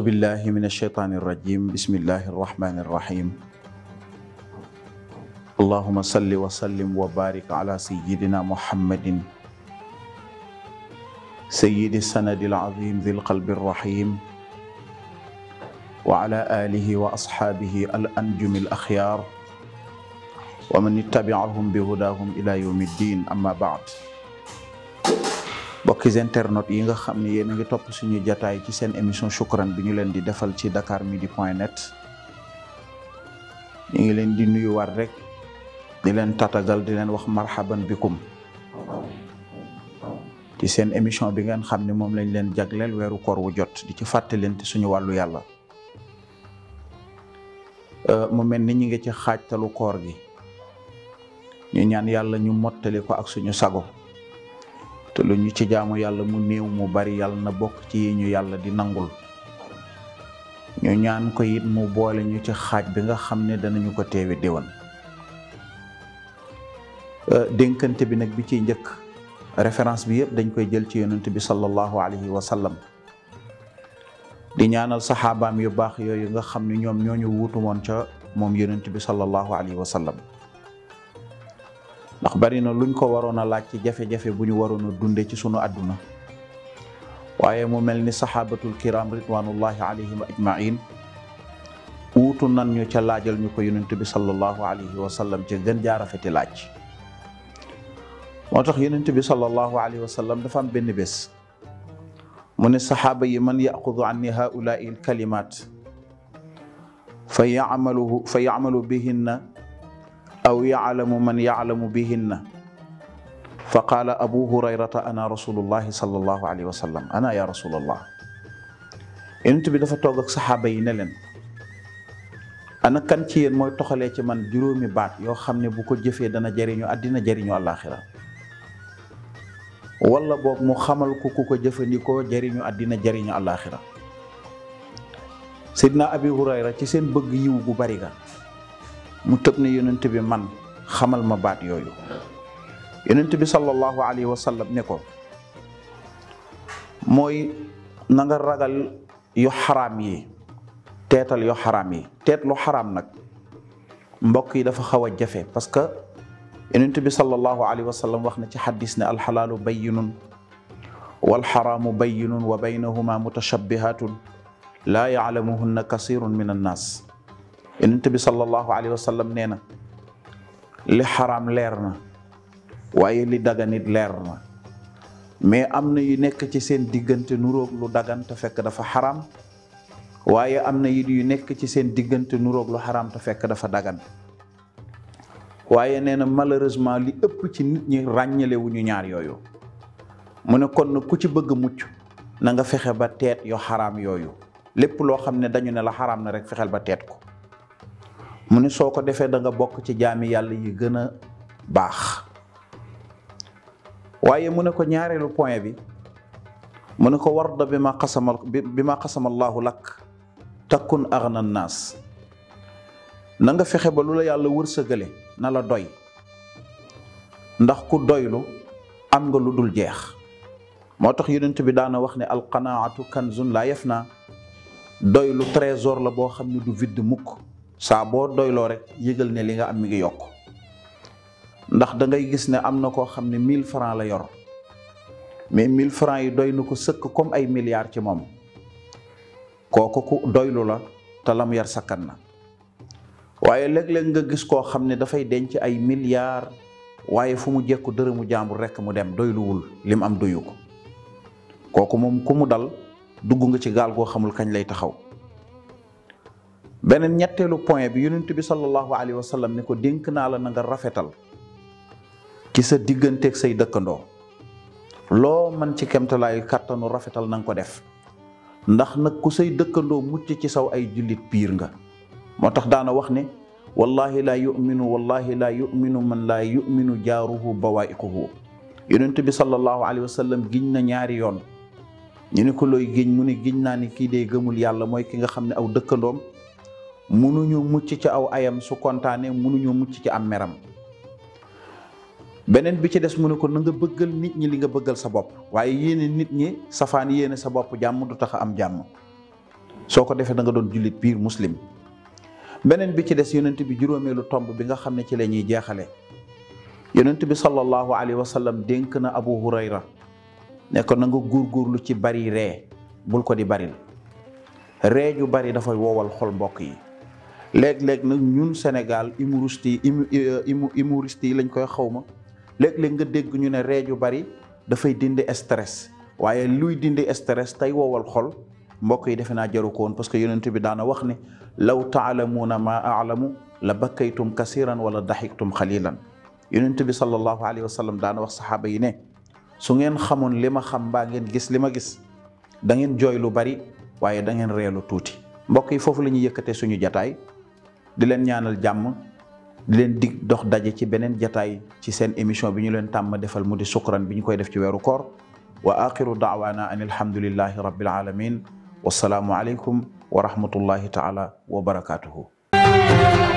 أعوذ بالله من الشيطان الرجيم بسم الله الرحمن الرحيم اللهم صل وسلم وبارك على سيدنا محمد سيد السند العظيم ذي القلب الرحيم وعلى آله وأصحابه الأنجم الأخيار ومن اتبعهم بهداهم إلى يوم الدين أما بعد mbokki internautes yi nga xam ne yéen a ngi topp suñu jataay ci seen émission Shukran bi ñu leen di defal ci Dakar Midi point net ñu ngi leen di nuyuwaat rek di leen tatagal di leen wax marhaban bikum ci seen émission bi ngeen xam ne moom lañ leen jagleel weeru koor wu jot di ci fàttalante suñu wàllu yàlla euh, mu mel ni ñu ngi ci xaajtalu koor gi ñu ñaan yàlla ñu mottali ko ak suñu sago te lu ñu ci jaamu yàlla mu néew mu bari yàlla na bokk ci yi ñu yàlla di nangul ñu ñaan ko it mu boole ñu ci xaaj bi nga xam ne danañu ko teewe di déwan euh, dénkante bi nag bi ciy njëkk référence bi yëpp dañ koy jël ci yonent bi sallallahu alayhi wa sallam di ñaanal saxaabaam yu baax yooyu nga xam ni ñoom ñoo ñu wuutu woon ca moom yonent bi sallallahu alayhi wa ndax bari na luñ ko waroon a laaj ci jafe-jafe bu ñu waroon a dunde ci sunu àdduna waaye mu mel ni saxaabatu kiram ridwanullahi alayhim ajmain uutu nan ñu ca laajal ñu ko yonent bi sallallahu alayhi wa sallam ci gën jaarafeti laaj tax yonent bi sallallahu alayhi wa sallam dafa am benn bés mu ne saxaaba yi man yaxudu anni haulaai alkalimat fa yamaluhu fa aw ya man yaclamu bihinna fa qaala abu hurayrata ana rasulullahi sallallahu alayhi wa sallam ana ya rasulallah yonent bi dafa toog ak saxaaba yi ne leen ana kan ci yéen mooy toxalee ci man juróomi baat yoo xam ne bu ko jëfee dana jariñu àddina jariñu àllaaxira wala boog mu xamal ku ku ko jëfandikoo jariñu àddina jariñu àllaaxira sidna abi hurayra ci seen bëgg yiw gu bari ga mu tëb ne yonent man xamal ma baat yooyu yonent bi sallallahu alayhi wa sallam ne ko mooy na ragal yo xaraam yi teetal yo xaraam yi teet lu nag mbokk yi dafa xaw a jafe parce que yonent bi sallallahu alayhi wa sallam wax na ci xadis ne alxalaalu bayyinun walxaraamu bayyinun wa baynahuma mutashabbihatun laa yaclamuhunna kasirun min annaas yonent bi sallallahu alayhi wa sallam nee na li xaraam leer na waaye li daganit leer na mais am na yu nekk ci seen diggante nuroog lu dagan te fekk dafa xaraam waaye am na it yu nekk ci seen diggante nuroog lu xaraam te fekk dafa dagan waaye nee na malheureusement li ëpp ci nit ñi ràññale ñu ñaar yooyu mu ne kon ku ci bëgg mucc na nga fexe ba teet yu xaraam yooyu lépp loo xam ne dañu ne la xaraam na rek fexeel ba teet ko mu ni soo ko defee danga bokk ci jaami yàlla yi gën a baax waaye mu ne ko ñaareelu point bi mu ne ko warda bi ma xasama bi ma xasamallaahu lakk takkun agna naas na nga fexe ba lu la yàlla wërsëgale na la doy ndax ku doylu am nga lu dul jeex moo tax yu yonent bi daana wax ne alqanaatu kanzun laa yafna doylu trésor la boo xam ne du vidd mukk saa boo doyloo rek yëgal ne li nga am mu ngi yokk ndax dangay gis ne am na koo xam ne mille francs la yor mais mille francs yi doy na ko sëkk comme ay milliards ci moom kooku doylu la te lam yar sakkan na waaye léeg-léeg nga gis koo xam ne dafay denc ay milliar waaye fu mu jekku dërëmu jàmbur rekk mu dem doyluwul lim am doyu ko kooku moom ku mu dal dugg nga ci gaal goo xamul kañ lay taxaw beneen ñetteelu point bi yonent bi sallallahu alayhi wa sallam ne ko dénk naa la na nga rafetal ci sa digganteeg say dëkkandoo loo man ci kemtalaayu kàttanu rafetal na ko def ndax nag ku say dëkkandoo mucc ci saw ay jullit piir nga moo tax daana wax ne wallahi laa yuminu wallahi laa yuminu man laa yuminu jaaruhu bawaaiquhu yonent bi sallallahu alayhi wa giñ na ñaari yoon ñu ne ko looy giñ mu ne giñ naa ni kii dee gëmul yàlla mooy ki nga xam ne aw dëkkandoom munuñu mucc ci aw ayam su kontaanee munuñu mucc ci am meram beneen bi ci des mu ne ko nanga nga bëggal nit ñi li nga bëggal sa bopp waaye yéene nit ñi safaan yéene sa bopp jàmm du tax a am jàmm soo ko defee da doon jullit piir muslim beneen bi ci des yonent bi lu tomb bi nga xam ne ci lañuy jeexale yonent bi sallallahu alayhi wa sallam dénk na Abu Hurayra ne ko na nga góorgóorlu ci bari ree bul ko di baril ree ju bari dafay woowal xol mbokk yi léeg-léeg nag ñun Sénégal humoriste euh, yi lañ koy xawma léeg-léeg nga dégg ñu ne reeju bari dafay dindi stress waaye luy dindi stress tey wowal xol mbokk yi defe naa jaru ko woon parce que yonent bi daana wax ne law taalamuuna maa aalamu la bakkaytum kasiran wala daxiktum xalilan yonent bi sallallahu alayhi wa sallam daana wax saxaaba yi ne su ngeen xamoon li ma xam mbaa ngeen gis li ma gis da ngeen jooy lu bari waaye da ngeen reelu tuuti mbokk yi foofu la ñuy yëkkatee suñu jataay di leen ñaanal jàmm di leen dig dox daje ci beneen jataay ci seen émission bi ñu leen tàmm defal mu di sukran bi ñu koy def ci weeru koor wa axiru daawaana an alhamdulillahi rabbil alamin wasalaamu aleykum wa rahmatullahi taala wa barakatuhu